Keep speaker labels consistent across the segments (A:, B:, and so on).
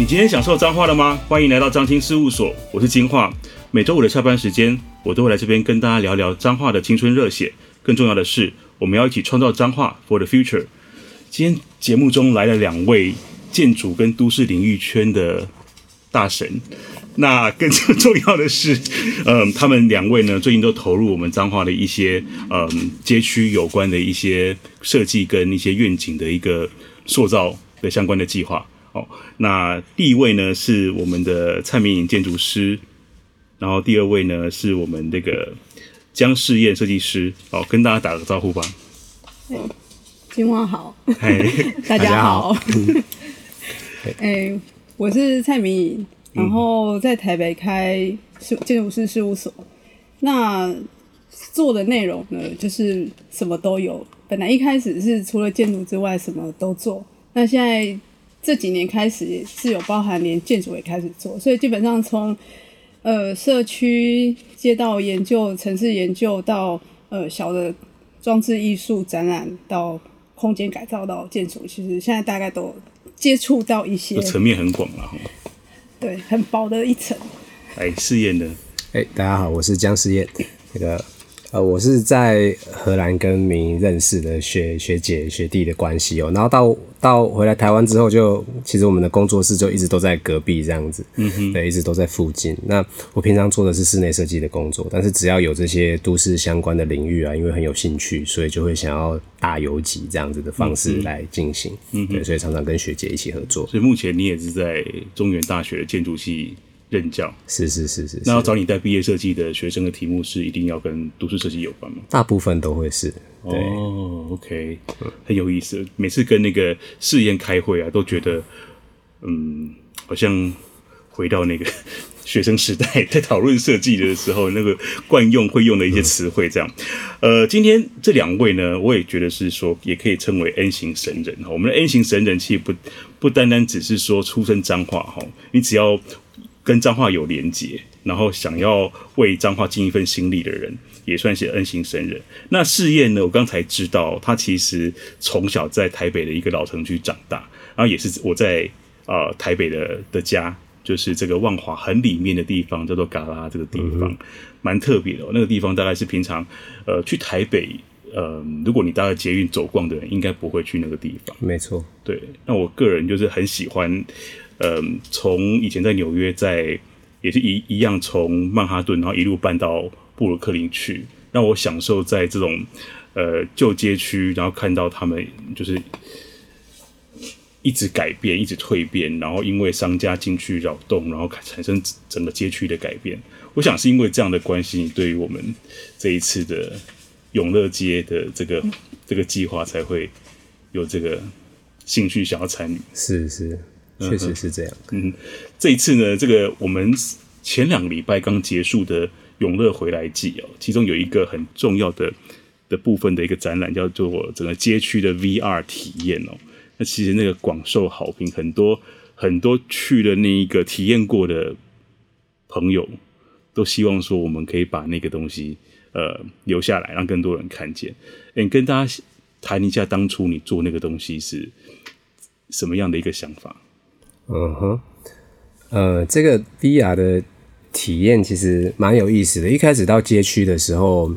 A: 你今天享受彰化了嗎？歡迎來到彰青事務所，我是金話。每週五的下班時間，我都會來這邊跟大家聊聊彰化的青春熱血。更重要的是，我們要一起創造彰化 for the future。今天節目中來了兩位建築跟都市領域圈的大神。那更重要的是，嗯、呃，他們兩位呢，最近都投入我們彰化的一些，嗯、呃，街區有關的一些設計跟一些願景的一個塑造的相關的計劃。好、哦，那第一位呢是我們的蔡明穎建築師，然後第二位呢是我們這個江世彥設計師，好、哦，跟大家打個招呼吧。
B: 金、欸、光好、欸、好，大家好。哎、嗯、欸，我是蔡明穎，然後在台北開是建築師事務所，嗯、那做的內容呢就是什麼都有，本來一開始是除了建築之外什麼都做，那現在。這幾年開始是有包含，連建築也開始做，所以基本上從呃社區、街道研究、城市研究到呃小的裝置藝術展覽，到空間改造，到建築，其實現在大概都接觸到一些，層面
A: 很廣了啊。
B: 對，很薄的一層。
C: 哎，試驗的，哎，大家好，我是江思燕，這個。呃，我是在荷蘭跟明認識的學學姐學弟的關係哦、喔，然後到到回來台灣之後就，就其實我們的工作室就一直都在隔壁這樣子，嗯哼，對，一直都在附近。那我平常做的是室內設計的工作，但是只要有這些都市相關的領域啊，因為很有興趣，所以就會想要打游擊這樣子的方式來進
A: 行，嗯對，所以常常跟學姐一起合作。所以目前你也是在中原大學的建築系。任教是是是是，是，那要找你帶畢業設計的學生的題目是一定要跟都市設計有關嗎？
C: 大部分都會是、oh。
A: 哦，OK、嗯、很有意思。每次跟那個試驗開會啊，都覺得嗯，好像回到那個學生時代，在討論設計的時候， 那個慣用會用的一些詞彙這樣。嗯、呃，今天這兩位呢，我也覺得是說，也可以稱為 N 型神人哈。我們的 N 型神人其實不不單單只是說出身彰化哈，你只要。跟彰化有連接，然後想要為彰化盡一份心力的人，也算是恩心神人。那試驗呢？我剛才知道，他其實從小在台北的一個老城區長大，然、啊、後也是我在啊、呃、台北的的家，就是這個萬華很裡面的地方，叫做嘎拉這個地方，蠻、嗯、特別的、哦。那個地方大概是平常呃去台北嗯、呃，如果你搭捷運走逛的人，應該不會去那個地方。沒錯，對。那我個人就是很喜歡。嗯，從以前在紐約，在也是一一樣，從曼哈頓，然後一路搬到布魯克林去，讓我享受在這種呃舊街區，然後看到他們就是一直改變，一直蛻變，然後因為商家進去擾動，然後產生整個街區的改變。我想是因為這樣的關係，你對於我們這一次的永樂街的這個這個計劃，才會有這個興趣想要參與。是是。確實是這樣。嗯，這一次呢，這個我們前兩禮拜剛結束的《永樂回來記》哦，其中有一個很重要的的部分的一個展覽，叫做整個街區的 VR 體驗哦。那其實那個廣受好評，很多很多去的那一個體驗過的朋友都希望說，我們可以把那個東西呃留下來，讓更多人看見。嗯、欸，跟大家談一下當初你做那個東西是什麼樣的一個想法？
C: 嗯哼，呃，這個 VR 的體驗其實蠻有意思的。一開始到街區的時候，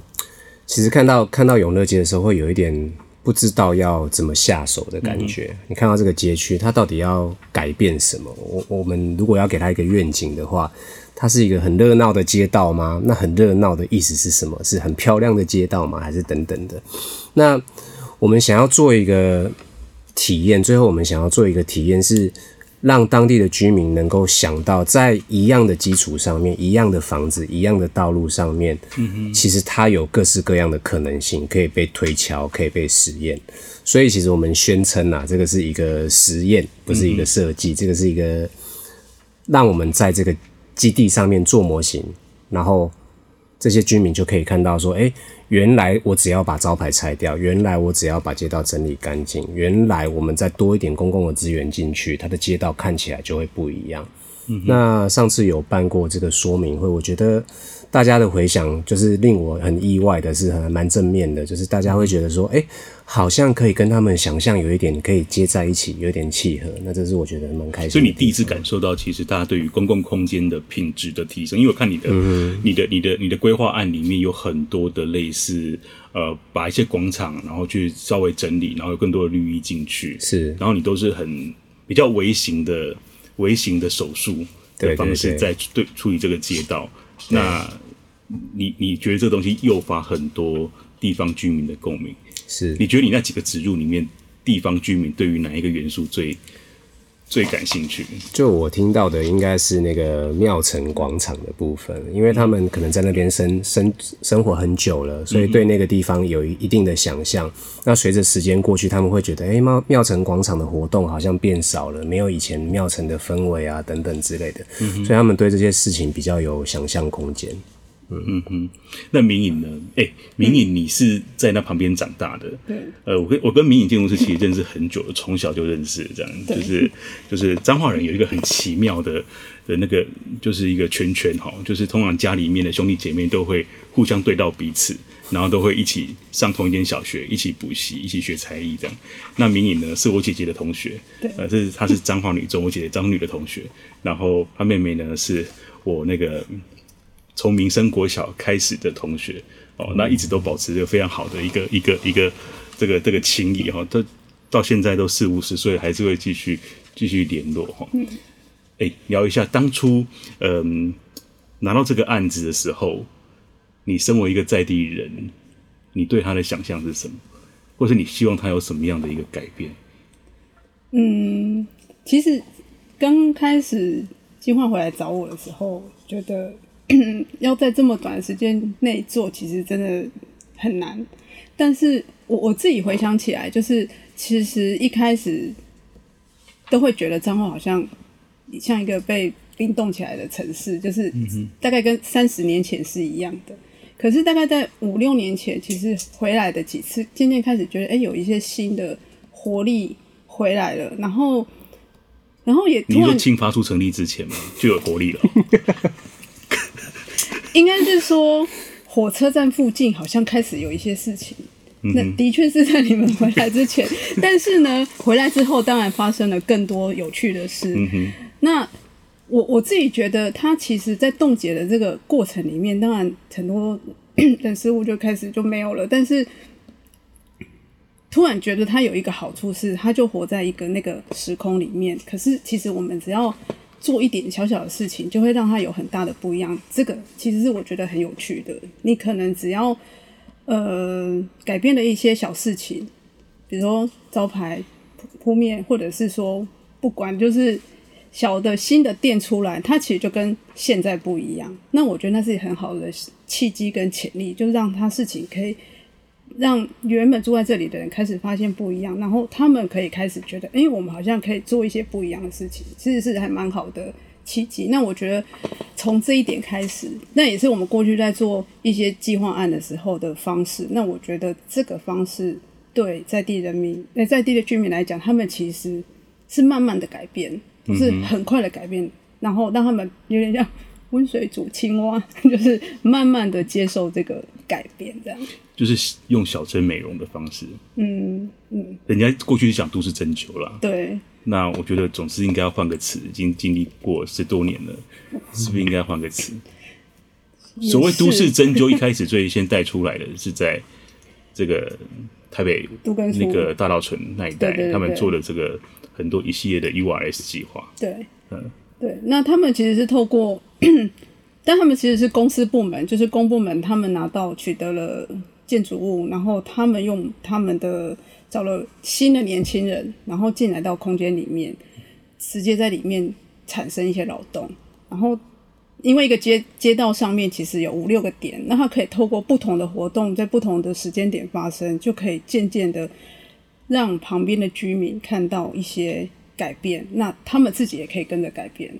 C: 其實看到看到永樂街的時候，會有一點不知道要怎麼下手的感覺。Mm-hmm. 你看到這個街區，它到底要改變什麼？我我們如果要給它一個願景的話，它是一個很熱鬧的街道嗎？那很熱鬧的意思是什麼？是很漂亮的街道嗎？還是等等的？那我們想要做一個體驗，最後我們想要做一個體驗是。讓當地的居民能夠想到，在一樣的基礎上面，一樣的房子，一樣的道路上面，嗯哼，其實它有各式各樣的可能性，可以被推敲、可以被實驗。所以，其實我們宣稱吶、啊，這個是一個實驗，不是一個設計，嗯。這個是一個讓我們在這個基地上面做模型，然後這些居民就可以看到說，誒。原來我只要把招牌拆掉，原來我只要把街道整理乾淨，原來我們再多一點公共的資源進去，它的街道看起來就會不一樣。嗯、那上次有辦過這個說明會，我覺得。大家的回想就是令我很意外的是，還蠻正面的，就是大家會覺得說，哎、欸，好像可以跟他們想象有一點可以接在一起，有一點契合。那這是我覺得蠻開心的。所以你
A: 第一次感受到，其實大家對於公共空間的品質的提升。因為我看你的、嗯、你的、你的、你的規劃案裡面有很多的類似，呃，把一些廣場然後去稍微整理，然後有更多的綠意進去。是，然後你都是很比較微型的、微型的手術的方式在對處理這個街道。那你你覺得這東西誘發很多地方居民的共鳴？是。你覺得你那幾個植入裡面，地方居民對於哪一個元素最最感興趣？
C: 就我聽到的，應該是那個廟城廣場的部分，因為他們可能在那邊生生生活很久了，所以對那個地方有一定的想象。嗯嗯。那隨着時間過去，他們會覺得，哎、欸，廟廟城廣場的活動好像變少了，沒有以前廟城的氛圍啊，等等之類的。嗯嗯。所以他們
A: 對這些事情比較有想象空間。嗯哼，那明穎呢？哎、欸，明穎，你是在那旁邊長大的。對、嗯。呃，我跟我跟明穎建築師其實認識很久了，從、嗯、小就認識。這樣，就是就是彰化人，有一個很奇妙的的那個，就是一個圈圈。哈，就是通常家裡面的兄弟姐妹都會互相對到彼此，然後都會一起上同一間小學，一起補習，一起學才藝這樣。那明穎呢，是我姐姐的同學。對。呃，是她是彰化女中，我姐姐張女的同學。然後她妹妹呢，是我那個。從民生國小開始的同學哦、嗯，那一直都保持着非常好的一個一個一個這個這個情誼哈。到現在都四五十歲，還是會繼續繼續聯絡哈。嗯、欸，聊一下當初嗯拿到這個案子的時候，你身為一個在地人，你對他的想象是什麼，或是你希望他有什麼樣的一個改變？嗯，
B: 其實剛開始計劃回來找我的時候，覺得。 要在這麼短時間內做，其實真的很難。但是我我自己回想起來，就是其實一開始都會覺得彰化好像像一個被冰凍起來的城市，就是大概跟三十年前是一樣的。嗯、可是大概在五六年前，其實回來的幾次，漸漸開始覺得，哎、欸，有一些新的活力回來了。然後，然後也然你就
A: 青發處成立之前嘛，就有活力了、哦。
B: 應該是說，火車站附近好像開始有一些事情。那的確是在你們回來之前，嗯，但是呢，回來之後當然發生了更多有趣的事。嗯、那我我自己覺得，他其實，在凍結的這個過程裡面，當然很多，的事物就開始就沒有了。但是，突然覺得他有一個好處是，他就活在一個那個時空裡面。可是，其實我們只要。做一點小小的事情，就會讓它有很大的不一樣。這個其實是我覺得很有趣的。你可能只要呃改變了一些小事情，比如說招牌鋪面，或者是說不管，就是小的新的店出來，它其實就跟現在不一樣。那我覺得那是很好的契機跟潛力，就是讓它事情可以。讓原本住在這裡的人開始發現不一樣，然後他們可以開始覺得，哎、欸，我們好像可以做一些不一樣的事情，其實是還蠻好的契機。那我覺得從這一點開始，那也是我們過去在做一些計劃案的時候的方式。那我覺得這個方式對在地人民、呃、在地的居民來講，他們其實是慢慢的改變，不、嗯、是很快的改變，然後讓他們有點像。溫水煮青蛙，就是慢慢的接受這個改變，這樣。
A: 就是用小針美容的方式。嗯嗯。人家過去是講都市針灸啦。對。那我覺得總是應該要換個詞，已經經歷過十多年
B: 了，是
A: 不是應該換個詞？
B: 所謂都市針灸， 一開
A: 始最先帶出來的是在，這個台北那個大稻埕那一帶，對對對對，他們做了這個很多一系列的 URS 計劃。對。嗯。
B: 對，那他們其實是透過，但他們其實是公司部門，就是公部門，他們拿到取得了建築物，然後他們用他們的找了新的年輕人，然後進來到空間裡面，直接在裡面產生一些勞動，然後因為一個街街道上面其實有五六個點，那他可以透過不同的活動，在不同的時間點發生，就可以漸漸的讓旁邊的居民看到一些。改變，那他們自己也可以跟着改變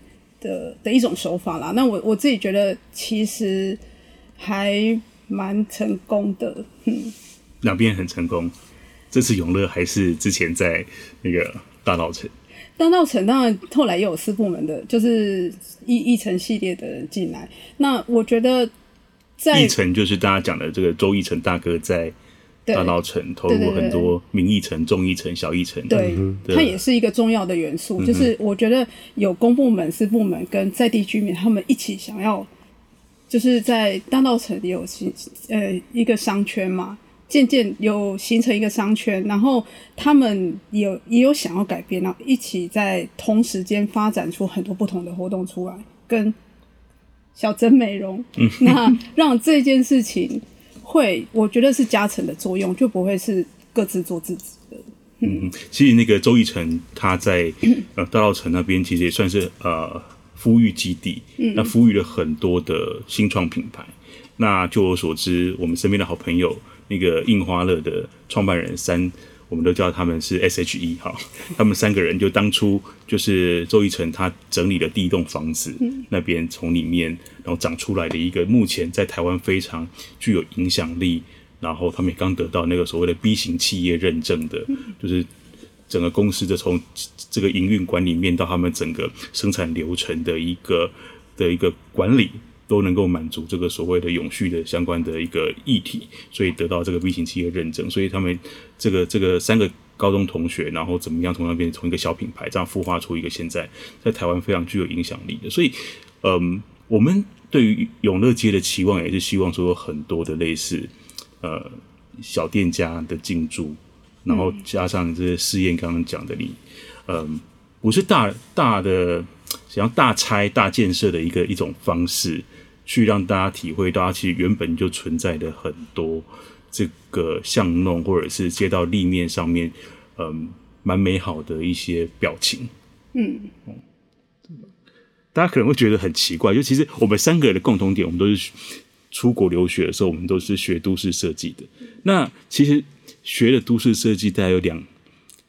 B: 的的一種手法啦。那我我自己覺得其實還蠻成功的，嗯。
A: 兩邊很成功，這次永樂還是之前在那個大稻埕。
B: 大稻埕當然後來又有四部門的，就是奕成系列的人進來。那我覺得在奕
A: 成就是大家講的這個周奕成大哥在。大稻埕投入很多民藝埕、眾藝埕、小藝埕，對，它、嗯、也
B: 是一個重要的元素。嗯、就是我覺得有公部門、私部門跟在地居民，他們一起想要，就是在大稻埕有形呃一個商圈嘛，漸漸有形成一個商圈，然後他們也有也有想要改變，然後一起在同時間發展出很多不同的活動出來，跟小珍美容、嗯，那讓這件事情。會，我覺得是加成的作用，就不會是各自做自己的。嗯，
A: 其實那個周奕成，他在呃大稻埕那邊，其實也算是呃孵育基地，那孵育了很多的新創品牌，嗯。那就我所知，我們身邊的好朋友那個印花樂的創辦人三。我們都叫他們是 SHE 哈，他們三個人就當初就是周一晨他整理的第一棟房子那邊，從裡面然後長出來的一個，目前在台灣非常具有影響力，然後他們也剛得到那個所謂的 B 型企業認證的，就是整個公司的從這個營運管理面到他們整個生產流程的一個的一個管理，都能夠滿足這個所謂的永續的相關的一個議題，所以得到這個 B 型企業認證。所以他們這個這個三個高中同學，然後怎麼樣從那邊從一個小品牌這樣孵化出一個現在在台灣非常具有影響力的。所以，嗯、呃，我們對於永樂街的期望也是希望說有很多的類似呃小店家的進駐，然後加上這些試驗剛剛講的你，嗯、呃，不是大大的。想要大拆大建設的一個一種方式，去讓大家體會到，其實原本就存在的很多這個巷弄或者是街道立面上面，嗯，蠻美好的一些表情。嗯，大家可能會覺得很奇怪，就其實我們三個人的共同點，我們都是出國留學的時候，我們都是學都市設計的。那其實學了都市設計，大概有兩，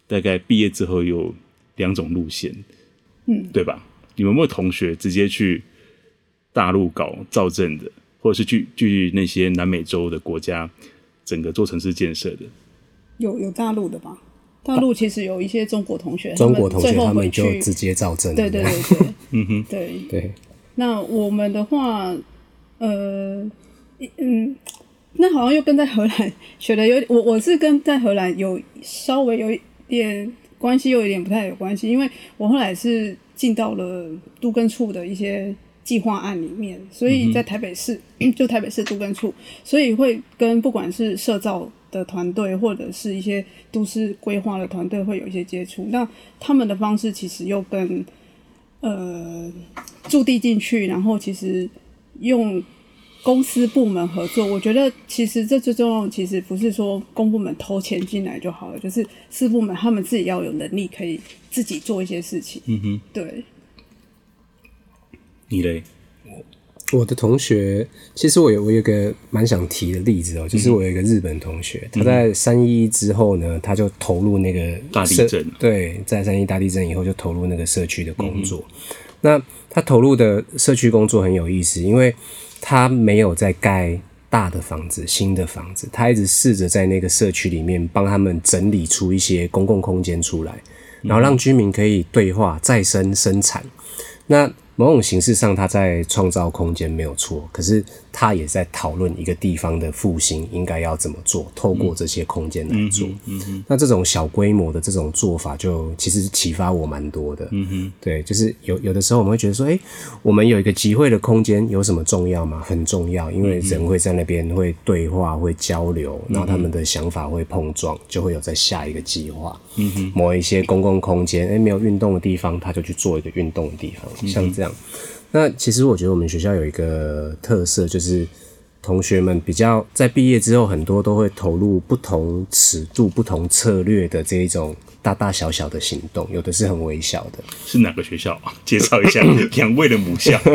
A: 大概畢業之後有兩種路線，嗯，對吧？你們有沒有同學，直接去大陸搞造鎮的，或者是去去那些南美洲的國家，整個做城市建設的？
B: 有，有大陸的吧，大陸其實有一些中國同學，中國同學他們就直接造鎮。對對對、對， 對，嗯哼，對對。那我們的話，呃，嗯，那好像又跟在荷蘭學的有，我我是跟在荷蘭有稍微有一點關係，又有一點不太有關係，因為我後來是。進到了都更處的一些計劃案裡面，所以在台北市、嗯、就台北市都更處，所以會跟不管是社造的團隊或者是一些都市規劃的團隊會有一些接觸。那他們的方式其實又跟呃駐地進去，然後其實用。公司部門合作，我覺得其實這最重要。其實不是說公部門投錢進來就好了，就是私部門他們自己要有能力，可以自己做一些事情。嗯哼，對。
A: 你咧？我
C: 我的同學，其實我有我有一個蠻想提的例子哦、喔，就是我有一個日本同學，嗯、他在三一之後呢，他就投入那個大地震。對，在三一大地震以後，就投入那個社區的工作、嗯。那他投入的社區工作很有意思，因為。他沒有在蓋大的房子，新的房子，他一直試着在那個社區裡面幫他們整理出一些公共空間出來，然後讓居民可以對話、再生、生產。那。某種形式上，他在創造空間沒有錯，可是他也在討論一個地方的復興應該要怎麼做，透過這些空間來做。嗯嗯嗯嗯、那這種小規模的這種做法，就其實啟發我蠻多的。嗯嗯、對，就是有有的時候我們會覺得說，哎，我們有一個集會的空間，有什麼重要嗎？很重要，因為人會在那邊會對話、會交流，然後他們的想法會碰撞，就會有在下一個計劃。嗯哼，某一些公共空間，誒、欸，沒有運動的地方，他就去做一個運動的地方、嗯，像這樣。那其實我覺得我們學校有一個特色，就是同學們比較在畢業之後，很多都會投入不同尺度、不同策略的這一種大大小小的行動，有的是很微小的。
A: 是哪個學校？
C: 介紹一下兩
A: 位的母校。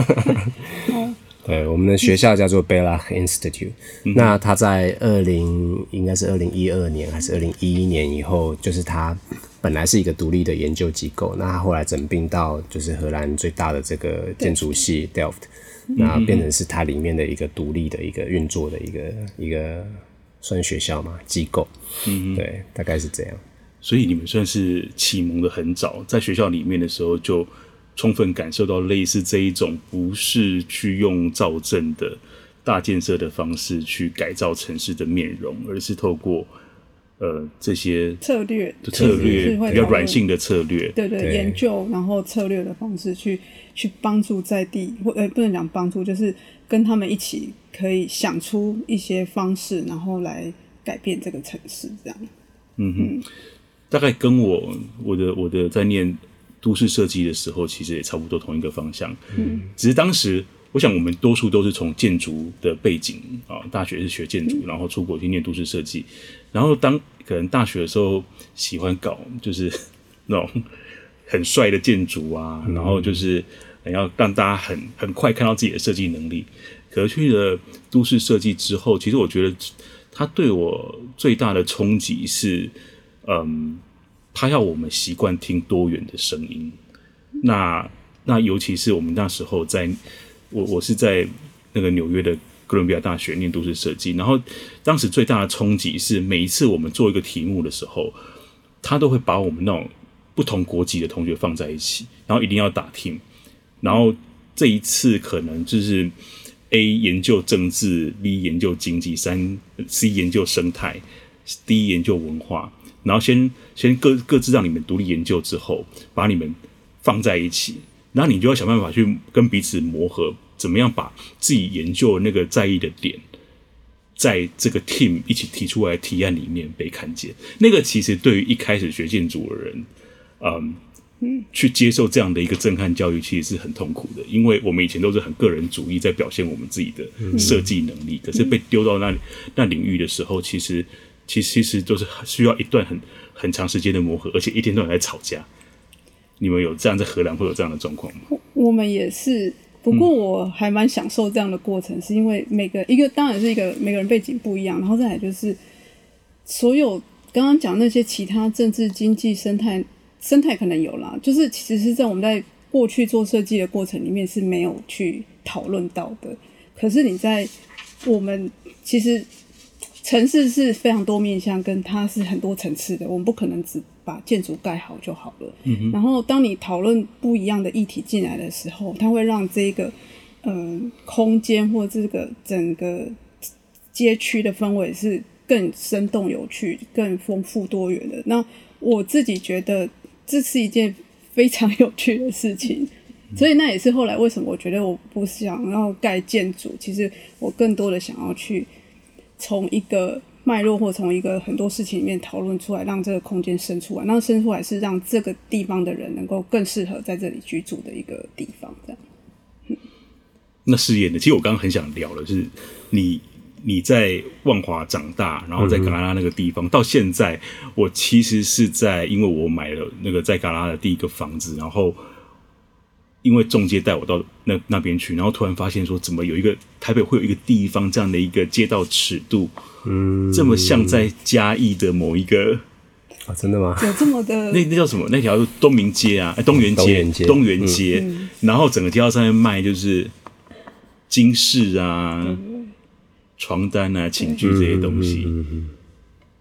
C: 呃，我們的學校叫做 Berlage Institute，嗯。那它在二零應該是二零一二年還是二零一一年以後，就是它本來是一個獨立的研究機構，那它後來整併到就是荷蘭最大的這個建築系 Delft、嗯、那變成是它裡面的一個獨立的一個運作的一個一個
A: 算學校嘛，機構、嗯，對，大概是這樣。所以你們算是啟蒙的很早，在學校裡面的時候就。充分感受到類似這一種，不是去用造鎮的大建設的方式去改造城市的面容，而是透過呃這些策略，策略比較軟性的策略，對對，對，對，研
B: 究然後策略的方式去去幫助在地或、呃、不能講幫助，就是跟他們一起可以想出一些方式，然後來改變這個城市這樣。嗯
A: 哼，大概跟我我的我的在念。都市設計的時候，其實也差不多同一個方向，嗯，只是當時，我想我們多數都是從建築的背景啊，大學是學建築，然後出國去念都市設計，然後當可能大學的時候喜歡搞就是那種很帥的建築啊、嗯，然後就是要讓大家很很快看到自己的設計能力，可是去了都市設計之後，其實我覺得它對我最大的衝擊是，嗯。他要我們習慣聽多元的聲音，那那尤其是我們那時候在，我我是在那個紐約的哥倫比亞大學念都市設計，然後當時最大的衝擊是每一次我們做一個題目的時候，他都會把我們那種不同國籍的同學放在一起，然後一定要打聽，然後這一次可能就是 A 研究政治，B 研究經濟，三 C 研究生態，D 研究文化。然後先先各各自讓你們獨立研究之後，把你們放在一起，然後你就要想辦法去跟彼此磨合，怎麼樣把自己研究的那個在意的點，在這個 team 一起提出來的提案裡面被看見。那個其實對於一開始學建築的人，嗯，嗯，去接受這樣的一個震撼教育，其實是很痛苦的，因為我們以前都是很個人主義在表現我們自己的設計能力，嗯，可是被丟到那那領域的時候，其實。其其實都是需要一段很很長時間的磨合，而且一天到晚在吵架。你們有這樣在荷蘭會有這樣的狀況嗎？我，
B: 我們也是，不過我還蠻享受這樣的過程，嗯、是因為每個一個當然是一個每個人背景不一樣，然後再來就是所有剛剛講那些其他政治經濟生態生態可能有啦，就是其實是在我們在過去做設計的過程裡面是沒有去討論到的。可是你在我們其實。城市是非常多面向，跟它是很多層次的，我們不可能只把建築蓋好就好了。嗯，然後，當你討論不一樣的議題進來的時候，它會讓這個嗯，呃，空間或這個整個街區的氛圍是更生動有趣、更豐富多元的。那我自己覺得這是一件非常有趣的事情，嗯，所以那也是後來為什麼我覺得我不想要蓋建築，其實我更多的想要去。從一個脈絡，或從一個很多事情裡面討論出來，讓這個空間生出來，那生出來是讓這個地方的人能夠更適合在這裡居住的一個地方，這樣。
A: 嗯、那事業呢？其實我剛剛很想聊了，就是你你在萬華長大，然後在格拉拉那個地方，嗯、到現在，我其實是在因為我買了那個在格拉拉的第一個房子，然後。因為中介帶我到那那邊去，然後突然發現說，怎麼有一個台北會有一個地方這樣的一個街道尺度，嗯，這麼像在嘉義的某一個啊，真的嗎？有
C: 這麼的那那
A: 叫什麼？那條東明街啊，哎、嗯，東元街，東元街，嗯東元街嗯、然後整個街道上面賣就是金飾啊、嗯、床單啊、寢具這些東西。嗯嗯嗯嗯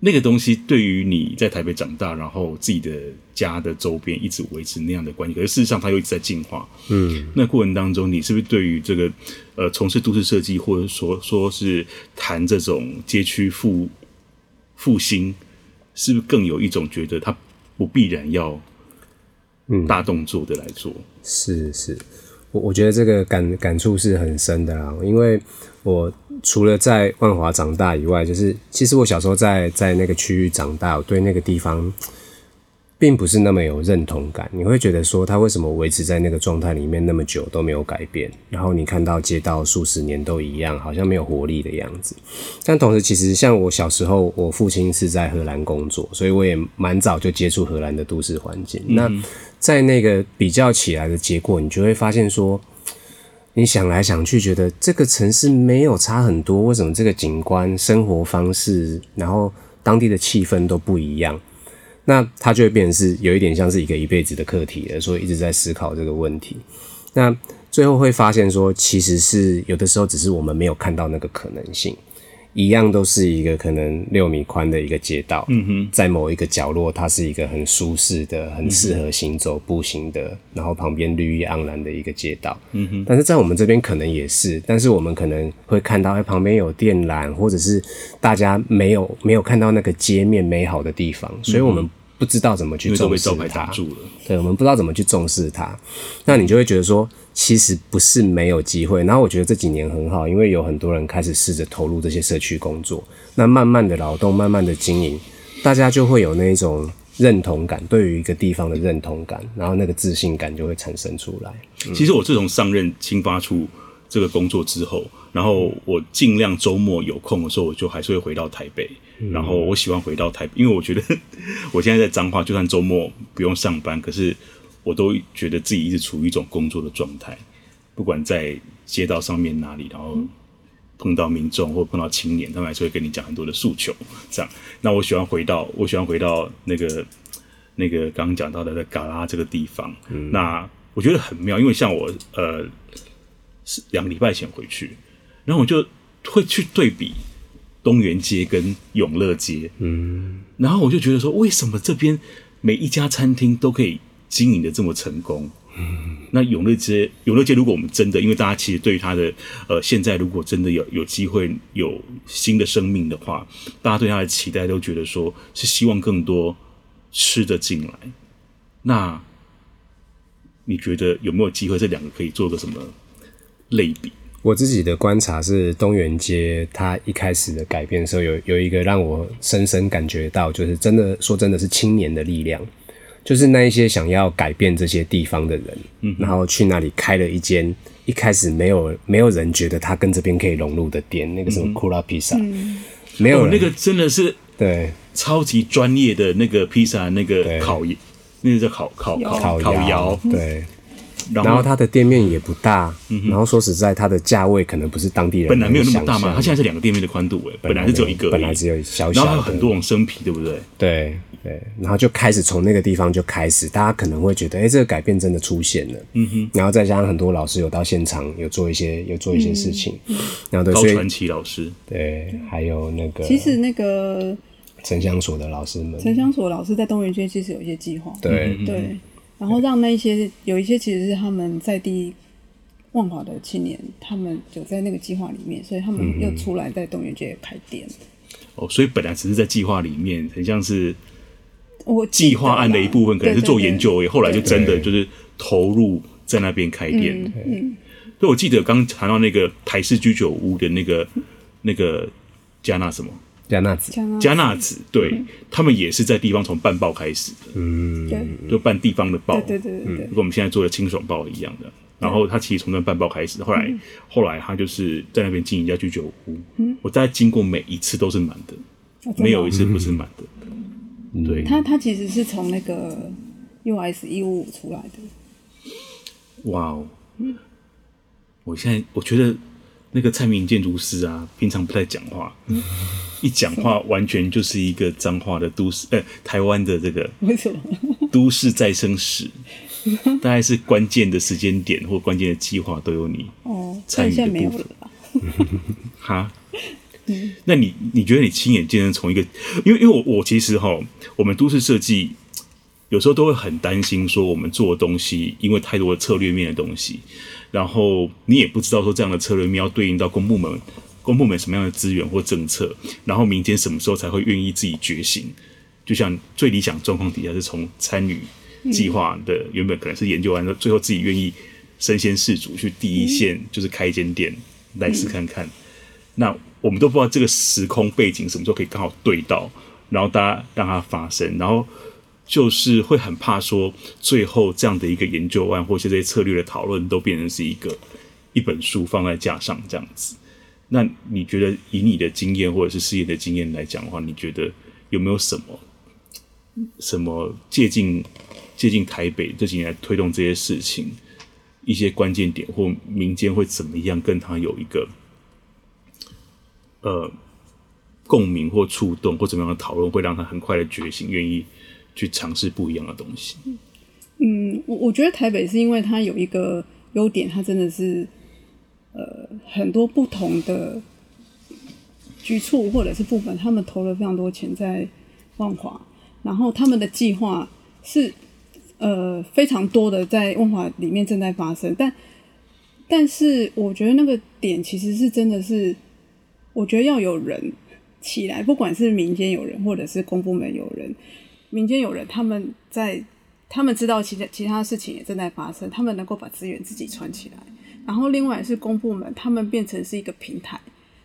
A: 那個東西對於你在台北長大，然後自己的家的周邊一直維持那樣的關係，可是事實上它又一直在進化。嗯，那過程當中，你是不是對於這個呃，從事都市設計，或者說說是談這種街區復復興，是不是更有一種覺得它不必然要嗯大動作的來做？嗯，是是。我我覺得這個感感觸是
C: 很深的啊，因為我除了在萬華長大以外，就是其實我小時候在在那個區域長大，我對那個地方並不是那麼有認同感。你會覺得說，它為什麼維持在那個狀態裡面那麼久都沒有改變？然後你看到街道數十年都一樣，好像沒有活力的樣子。但同時，其實像我小時候，我父親是在荷蘭工作，所以我也蠻早就接觸荷蘭的都市環境。嗯、那在那個比較起來的結果，你就會發現說，你想來想去，覺得這個城市沒有差很多，為什麼這個景觀、生活方式，然後當地的氣氛都不一樣？那它就會變成是有一點像是一個一輩子的課題了，所以一直在思考這個問題。那最後會發現說，其實是有的時候只是我們沒有看到那個可能性。一樣都是一個可能六米寬的一個街道。嗯哼，在某一個角落，它是一個很舒適的、很適合行走步行的，嗯、然後旁邊綠意盎然的一個街道。嗯哼，但是在我們這邊可能也是，但是我們可能會看到，哎，旁邊有電纜，或者是大家沒有沒有看到那個街面美好的地方，所以我們、嗯。不知道怎麼去重視它，因為都被招牌打住了。對，我們不知道怎麼去重視它，那你就會覺得說，其實不是沒有機會。然後我覺得這幾年很好，因為有很多人開始試着投入這些社區工作，那慢慢的勞動，慢慢的經營，大家就會有那一種認同感，對於一個地方的認同感，然後那個自信感就會產生出來。
A: 其實我自從上任青發處這個工作之後，然後我儘量周末有空的時候，我就還是會回到台北。嗯、然後我喜歡回到台北，因為我覺得我現在在彰化，就算周末不用上班，可是我都覺得自己一直處於一種工作的狀態。不管在街道上面哪裡，然後碰到民眾或碰到青年，他們還是會跟你講很多的訴求。這樣，那我喜歡回到，我喜歡回到那個那個剛剛講到的在嘎拉這個地方、嗯。那我覺得很妙，因為像我呃。是兩個禮拜前回去，然後我就會去對比東園街跟永樂街，嗯，然後我就覺得說，為什麼這邊每一家餐廳都可以經營的這麼成功？嗯，那永樂街，永樂街，如果我們真的，因為大家其實對於它的，呃，現在如果真的有有機會有新的生命的話，大家對它的期待都覺得說，是希望更多吃的進來。那你覺得有沒有機會這兩個可以做個什麼？類
C: 比，我自己的觀察是，東園街它一開始的改變的時候有，有有一個讓我深深感覺到，就是真的說真的是青年的力量，就是那一些想要改變這些地方的人，嗯、然後去那裡開了一間，一開始沒有沒有人覺得他跟這邊可以融入的店，那個什麼庫拉披薩，沒有、哦、那
A: 個真的是對超級專業的那個披薩，那個烤，那個叫烤烤烤烤窑，對。
C: 然後它的店面也不大，嗯、然後說實在，它的價位可能不是當地人。本來沒有那麼大嘛，它現在是兩
A: 個店面的寬度、欸、本來是只有一個。本來只有
C: 一個。然後還有很多種
A: 生皮，對不對？
C: 對對，然後就開始從那個地方就開始，大家可能會覺得，哎、欸，這個改變真的出現了。嗯哼。然後再加上很多老師有到現場，有做一些，有做一些事情。嗯、然後對，所以高傳棋老師對，還有那個。其實那個城鄉所的老師們，城鄉
B: 所老師在東園街其實有一些計劃。對嗯嗯嗯對。然後讓那一些有一些其實是他們在地萬華的青年，他們就在那個計劃裡面，所以他們又出來在東園街開店嗯
A: 嗯。哦，所以本來只是在計劃裡面，很像是
B: 我計劃案的一部分，可能是做研究，
A: 而已，後來就真的就是投入在那邊開店。嗯，嗯，所以我記得剛談到那個台式居酒屋的那個、嗯、那個加納什麼。加納子，加納子、子，對、嗯、他們也是在地方從辦報，開始的，嗯，就辦地方的報、嗯，對對對對。跟我們現在做的清爽報一樣的，嗯、然後他其實從那辦報開始，後來、嗯、後來他就是在那邊經營一家居酒屋，嗯，我在經過每一次都是滿的、
B: 嗯，沒有一
A: 次不是滿的、嗯，對。他
B: 他其實是從那個 US 一五五出來的，
A: 哇哦，我現在我覺得。那個蔡明建築師啊，平常不太講話，嗯、一講話完全就是一個髒話的都市，呃，台灣的這個為什麼都市再生史， 大概是關鍵的時間點或關鍵的計劃都有你哦參與的部
B: 分，哦、 哈、嗯，
A: 那你你覺得你親眼見證從一個，因為因為我我其實哈，我們都市設計。有時候都會很擔心，說我們做的東西，因為太多的策略面的東西，然後你也不知道說這樣的策略面要對應到公部門、公部門什麼樣的資源或政策，然後民間什麼時候才會願意自己覺醒？就像最理想狀況底下是從參與計劃的、嗯、原本可能是研究完，後之後，最後自己願意身先士卒去第一線，就是開間店來試看看、嗯。那我們都不知道這個時空背景什麼時候可以剛好對到，然後大家讓它發生，然後。就是會很怕說，最後這樣的一個研究案，或是這些策略的討論，都變成是一個一本書放在架上這樣子。那你覺得，以你的經驗或者是事業的經驗來講的話，你覺得有沒有什麼什麼借鑑借鑑台北這幾年來推動這些事情一些關鍵點，或民間會怎麼樣跟他有一個呃共鳴或觸動，或怎麼樣的討論，會讓他很快的覺醒，願意？去嘗試不一樣的東西。嗯，
B: 我我覺得台北是因為它有一個優點，它真的是呃很多不同的局處或者是部分，他們投了非常多錢在萬華，然後他們的計劃是呃非常多的在萬華裡面正在發生，但但是我覺得那個點其實是真的是，我覺得要有人起來，不管是民間有人或者是公部門有人。民間有人，他們在他們知道其他其他事情也正在發生，他們能夠把資源自己串起來。然後另外是公部門，他們變成是一個平台，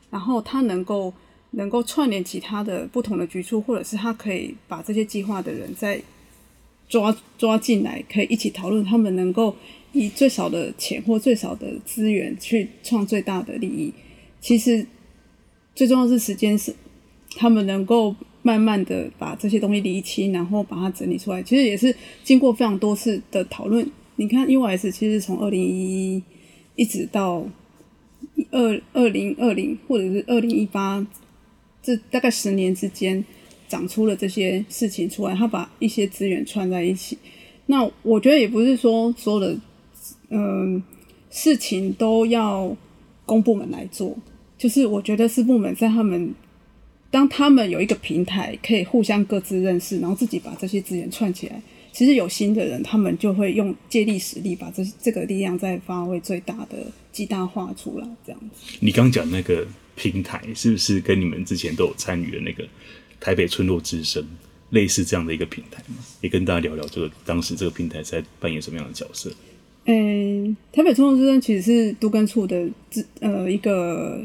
B: 然後他能夠能夠串聯其他的不同的局處，或者是他可以把這些計劃的人再抓抓進來，可以一起討論，他們能夠以最少的錢或最少的資源去創最大的利益。其實最重要的是時間，是他們能夠。慢慢的把這些東西理清，然後把它整理出來。其實也是經過非常多次的討論。你看，EY 其實從二零一一一直到二二零二零，或者是二零一八，這大概十年之間，長出了這些事情出來。他把一些資源串在一起。那我覺得也不是說所有的嗯事情都要公部門來做，就是我覺得私部門在他們。當他們有一個平台，可以互相各自認識，然後自己把這些資源串起來，其實有心的人，他們就會用借力使力，把這這個力量再發揮最大的最大化出來。這樣子，
A: 你剛講那個平台，是不是跟你們之前都有參與的那個台北村落之聲類似這樣的一個平台嗎？也跟大家聊聊這個當時這個平台在扮演什麼樣的角色？嗯、
B: 欸，台北村落之聲其實是都更處的呃一個。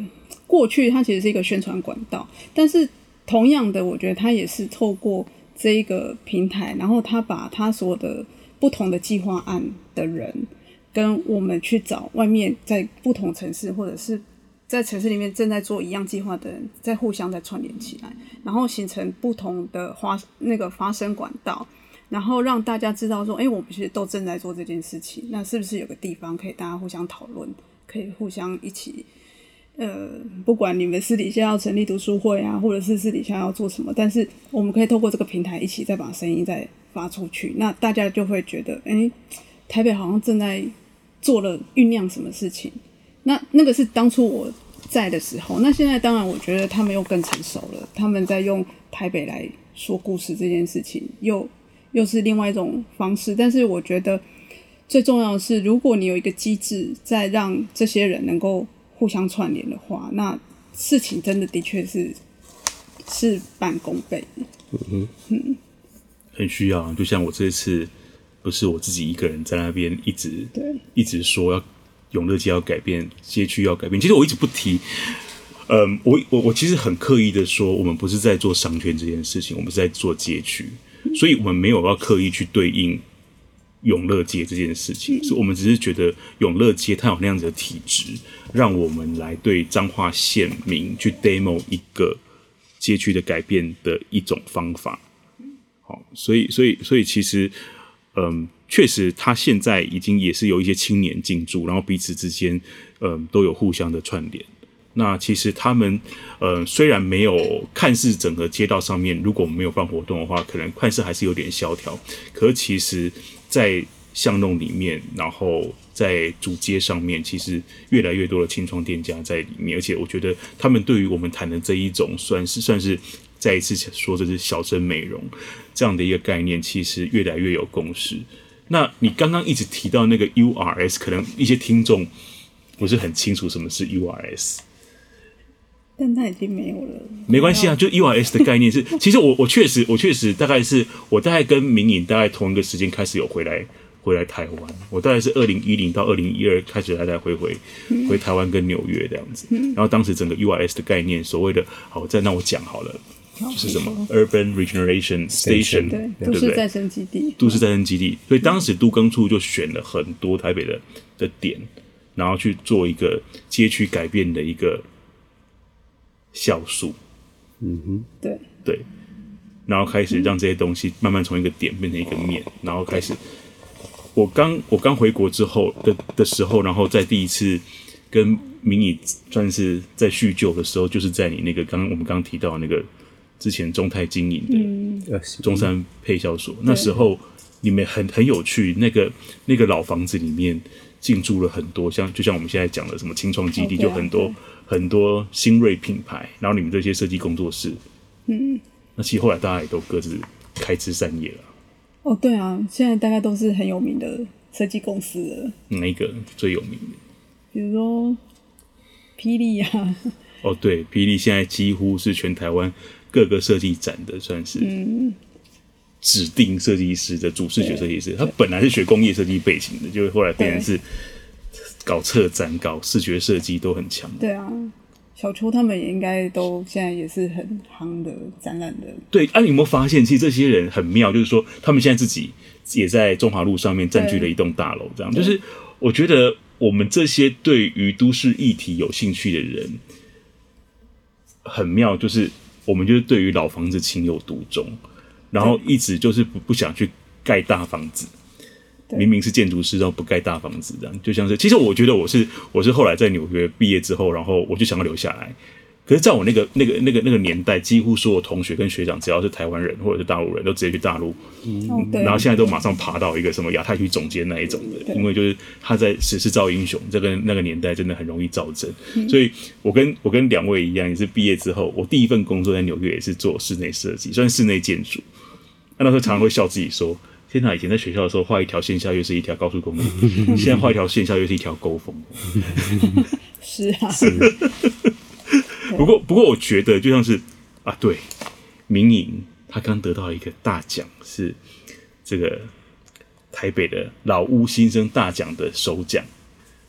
B: 過去它其實是一個宣傳管道，但是同樣的，我覺得它也是透過這一個平台，然後它把它所有的不同的計劃案的人，跟我們去找外面在不同城市或者是在城市裡面正在做一樣計劃的人，再互相再串聯起來，然後形成不同的發那個發聲管道，然後讓大家知道說，哎、欸，我們其實都正在做這件事情，那是不是有個地方可以大家互相討論，可以互相一起。呃，不管你們私底下要成立讀書會啊，或者是私底下要做什麼，但是我們可以透過這個平台一起再把聲音再發出去，那大家就會覺得，哎，台北好像正在做了醞釀什麼事情。那那個是當初我在的時候，那現在當然我覺得他們又更成熟了，他們在用台北來說故事這件事情，又又是另外一種方式。但是我覺得最重要的是，如果你有一個機制，在讓這些人能夠。互相串聯的話，那事情真的的確是事半功倍。嗯
A: 哼，很需要。就像我這次不是我自己一個人在那邊一直對一直說，要永樂街要改變街區要改變。其實我一直不提，嗯、呃，我我我其實很刻意的說，我們不是在做商圈這件事情，我們是在做街區，所以我們沒有要刻意去對應。永樂街這件事情，是我們只是覺得永樂街它有那樣子的體質，讓我們來對彰化縣民去 demo 一個街區的改變的一種方法。好，所以所以所以其實，嗯，確實它現在已經也是有一些青年進駐，然後彼此之間，嗯，都有互相的串聯。那其實他們，嗯，雖然沒有看似整個街道上面，如果我們沒有辦活動的話，可能看似還是有點蕭條，可是其實。在巷弄裡面，然後在主街上面，其實越來越多的青創店家在裡面，而且我覺得他們對於我們談的這一種，算是算是再一次說這是小生美容這樣的一個概念，其實越來越有共識。那你剛剛一直提到那個 URS，可能一些聽眾不是很清楚什麼是 URS。
B: 但它已經沒有
A: 了。沒關係啊，就 URS 的概念是， 其實我我確實我確實大概是我大概跟明影大概同一個時間開始有回來回來台灣。我大概是二零一零到二零一二開始來來回回、嗯、回台灣跟紐約這樣子、嗯。然後當時整個 URS 的概念，所謂的，好，再那我講好了好，就是什麼？Urban Regeneration Station，都市再
B: 生基地，對對對，
A: 都市再生基地、嗯。所以當時都更處就選了很多台北的的點、嗯，然後去做一個街區改變的一個。酵素，嗯哼，對對，然後開始讓這些東西慢慢從一個點變成一個面，嗯、然後開始。我剛我剛回國之後的的時候，然後在第一次跟迷你算是在敘舊的時候，就是在你那個剛，剛我們剛提到那個之前中泰經營的中山配銷所、嗯嗯，那時候裡面很很有趣，那個那個老房子裡面進駐了很多，像就像我們現在講的什麼青創基地，okay, 就很多。很多新銳品牌，然後你們這些設計工作室，嗯，那其實後來大家也都各自開枝散葉
B: 了。哦，對啊，現在大家都是很有名的設計公司了。
A: 哪一個最有名的？
B: 比如說霹靂啊。
A: 哦，對，霹靂現在幾乎是全台灣各個設計展的，算是嗯，指定設計師的主視覺設計師。他本來是學工業設計背景的，就後來變成是。搞策展、搞視覺設計都很強。對
B: 啊，小邱他們也應該都現在也是很行的展覽的。
A: 對，啊，你有沒有發現，其實這些人很妙，就是說他們現在自己也在中華路上面占據了一棟大樓，這樣。就是我覺得我們這些對於都市議題有興趣的人，很妙，就是我們就是對於老房子情有獨鍾，然後一直就是不不想去蓋大房子。明明是建築師，然後不蓋大房子，這樣就像是。其實我覺得我是我是後來在紐約畢業之後，然後我就想要留下來。可是在我那個那個那個那個年代，幾乎所有同學跟學長，只要是台灣人或者是大陸人，都直接去大陸。嗯、哦，對。然後現在都馬上爬到一個什麼亞太區總監那一種的，因為就是他在時勢造英雄，這個那個年代真的很容易造真。所以我，我跟我跟兩位一樣，也是畢業之後，我第一份工作在紐約也是做室內設計，算是室內建築。那時候常常會笑自己說。嗯天哪、啊！以前在學校的時候，畫一條線下又是一條高速公路； 現在畫一條線下又是一條高峰。
B: 是啊
A: 不過，不過，我覺得就像是啊，對，民營他剛得到一個大獎，是這個台北的老屋新生大獎的首獎。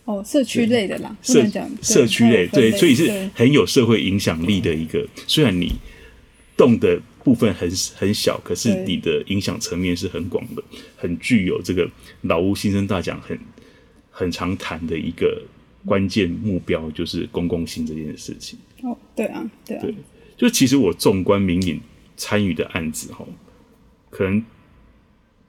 B: 哦，社區類的啦，社社區類對，對，所以是
A: 很有社會影響力的一個。雖然你動的。部分很很小，可是你的影響層面是很廣的，很具有這個老屋新生大獎很很常談的一個關鍵目標，嗯，就是公共性這件事情。哦，
B: 對啊，對
A: 啊，對，就其實我縱觀民營參與的案子哈、哦，可能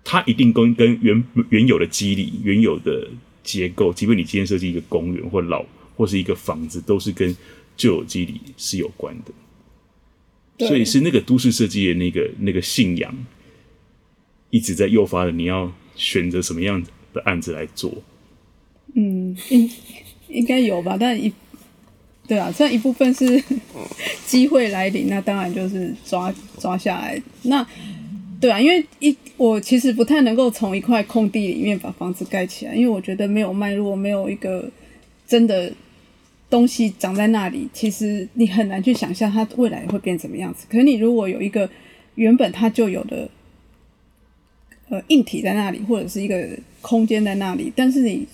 A: 它一定跟跟原原有的肌理、原有的結構，即便你今天設計一個公園或老或是一個房子，都是跟舊有肌理是有關的。所以是那個都市設計的那個那個信仰，一直在誘發的。你要選擇什麼樣的案子來做？嗯，
B: 應應該有吧，但一，對啊，雖然一部分是機會來臨，那當然就是抓抓下來。那對啊，因為一我其實不太能夠從一塊空地裡面把房子蓋起來，因為我覺得沒有脈絡，沒有一個真的。東西長在那裡，其實你很難去想象它未來會變怎麼樣子。可是你如果有一個原本它就有的、呃、硬體在那裡，或者是一個空間在那裡，但是你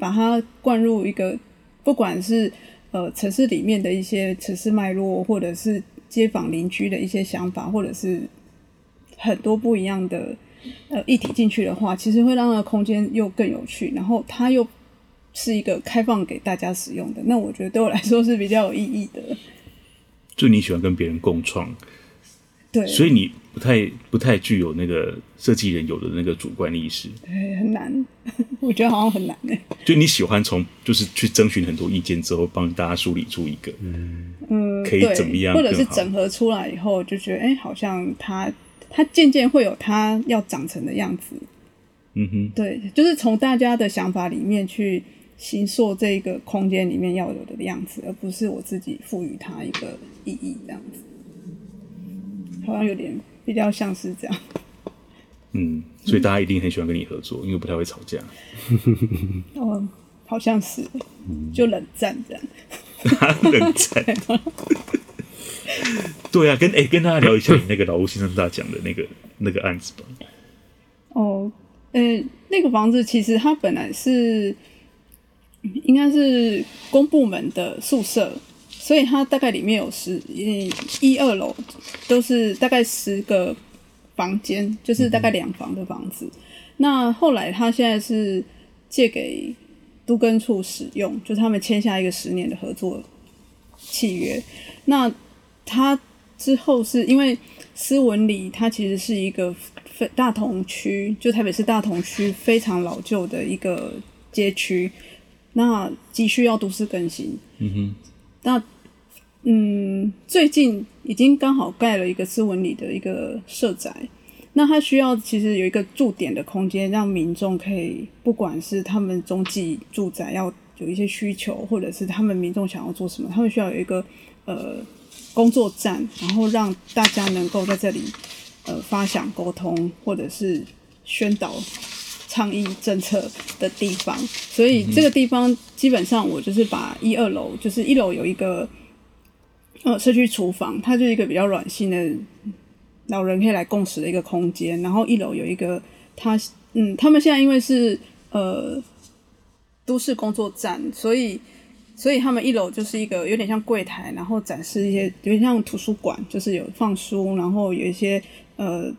B: 把它灌入一個不管是呃城市裡面的一些城市脈絡，或者是街坊鄰居的一些想法，或者是很多不一樣的呃議題進去的話，其實會讓那個空間又更有趣，然後它又。是一個開放給大家使用的，那我覺得對我來說是比較有意義的。
A: 就你喜歡跟別人共創，
B: 對，所以你
A: 不太不太具有那個設計人有的那個主觀意識，
B: 對、欸，很難， 我覺得好像很難哎、
A: 欸，就你喜歡從就是去徵詢很多意見之後，幫大家梳理出一個，嗯，
B: 可以怎麼樣，或者是整合出來以後，就覺得哎、欸，好像它它漸漸會有它要長成的樣子。嗯哼，對，就是從大家的想法裡面去。形塑這個空間裡面要有的樣子，而不是我自己賦予它一個意義，這樣子，嗯、好像有點比較像是這樣。
A: 嗯，所以大家一定很喜歡跟你合作，嗯，因為不太會吵架。嗯、
B: 哦，好像是，就冷戰這樣。
A: 嗯、 冷戰？對， 對啊，跟哎、欸、跟大家聊一下你那個老屋新生大獎的那個 那個案子吧。哦、嗯、
B: 欸，那個房子其實它本來是。應該是公部門的宿舍，所以它大概裡面有十一二樓，都是大概十個房間，就是大概兩房的房子。嗯、那後來它現在是借給都更處使用，就是他們簽下一個十年的合作契約。那它之後是因為斯文里，它其實是一個非大同區，就台北市大同區非常老舊的一個街區。那急需要都市更新。嗯哼。那，嗯，最近已經剛好蓋了一個斯文里的一個社宅。那它需要其實有一個駐點的空間，讓民眾可以，不管是他們中繼住宅要有一些需求，或者是他們民眾想要做什麼，他們需要有一個，呃，工作站，然後讓大家能夠在這裡，呃，發想溝通或者是宣導，倡議政策的地方，所以這個地方基本上我就是把一二樓，就是一樓有一個呃社區廚房，它就是一個比較軟性的老人可以來共食的一個空間。然後一樓有一個，他，嗯，他們現在因為是呃都市工作站，所以所以他們一樓就是一個有點像櫃檯，然後展示一些有點像圖書館，就是有放書，然後有一些呃。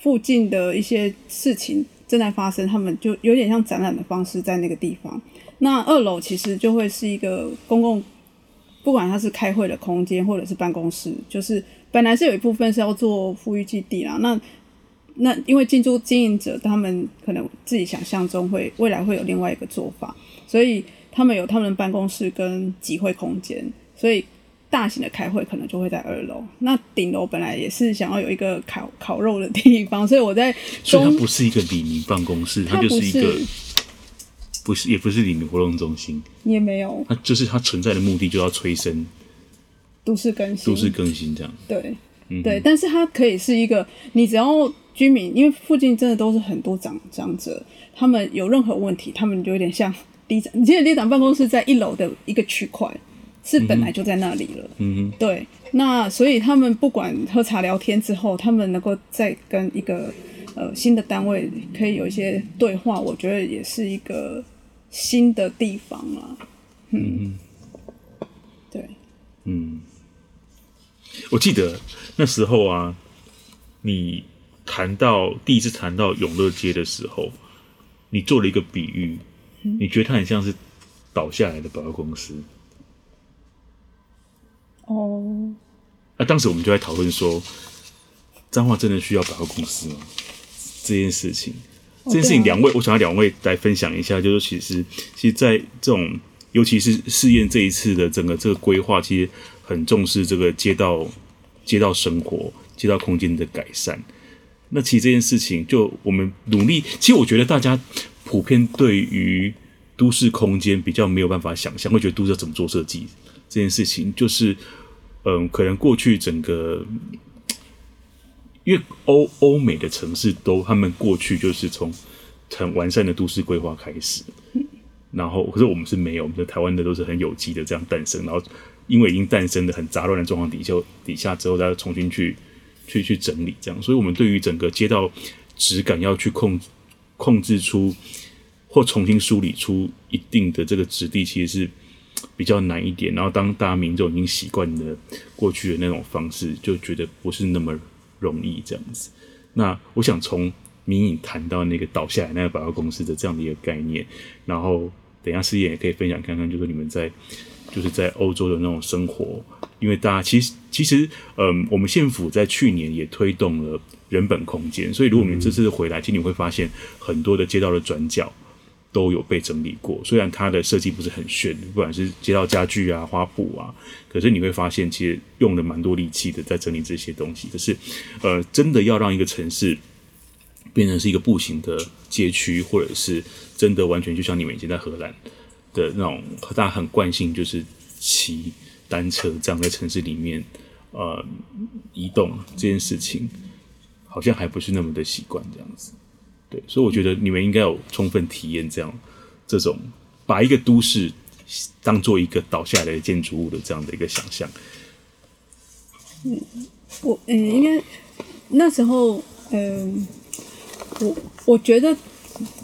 B: 附近的一些事情正在發生，他們就有點像展覽的方式在那個地方。那二樓其實就會是一個公共，不管它是開會的空間或者是辦公室，就是本來是有一部分是要做富裕基地啦。那那因為進駐經營者他們可能自己想象中會未來會有另外一個做法，所以他們有他們的辦公室跟集會空間，所以。大型的開會可能就會在二樓，那頂樓本來也是想要有一個烤烤肉的地方，所以我在。所以它
A: 不是一個里民辦公室，它就是一個，不是，不是也不是里民活動中心，
B: 也沒有。它
A: 就是它存在的目的就要催生，
B: 都市更新，都市更新這樣。對，
A: 嗯、對，
B: 但是它可以是一個，你只要居民，因為附近真的都是很多長長者，他們有任何問題，他們就有點像里長，你其實里長辦公室在一樓的一個區塊。是本來就在那裡了，嗯哼，對，那所以他們不管喝茶聊天之後，他們能夠再跟一個呃新的單位可以有一些對話，我覺得也是一個新的地方啊。嗯嗯，對，
A: 嗯，我記得那時候啊，你談到第一次談到永樂街的時候，你做了一個比喻，你覺得它很像是倒下來的百貨公司。哦，那、啊、當時我們就在討論說，彰化真的需要百貨公司嗎？這件事情，哦啊、這件事情，兩位，我想兩位來分享一下，就是其實，其實，在這種，尤其是試驗這一次的整個這個規劃，其實很重視這個街道、街道生活、街道空間的改善。那其實這件事情，就我們努力，其實我覺得大家普遍對於都市空間比較沒有辦法想象，會覺得都市要怎麼做設計這件事情，就是。嗯，可能過去整個，因為歐歐美的城市都他們過去就是從很完善的都市規劃開始，然後可是我們是沒有，我們的台灣的都是很有機的這樣誕生，然後因為已經誕生的很雜亂的狀況底下底下之後，大家重新去去去整理這樣，所以我們對於整個街道質感要去控控制出或重新梳理出一定的這個質地，其實是，比較難一點，然後當大家民眾已經習慣了過去的那種方式，就覺得不是那麼容易這樣子。那我想從民營談到那個倒下來那個百貨公司的這樣的一個概念，然後等一下世彥也可以分享看看，就是你們在就是在歐洲的那種生活，因為大家其實其實嗯、呃，我們縣府在去年也推動了人本空間，所以如果我們這次回來、嗯，其實你會發現很多的街道的轉角。都有被整理過，雖然它的設計不是很炫，不管是街道家具啊、花圃啊，可是你會發現，其實用了蠻多力氣的在整理這些東西。可是，呃，真的要讓一個城市變成是一個步行的街區，或者是真的完全就像你們以前在荷蘭的那種，大家很慣性就是騎單車這樣在城市裡面呃移動這件事情，好像還不是那麼的習慣這樣子。對，所以我覺得你們應該有充分體驗這樣，這種把一個都市當做一個倒下來的建築物的這樣的一個想象。
B: 嗯，我嗯應該那時候嗯，我我覺得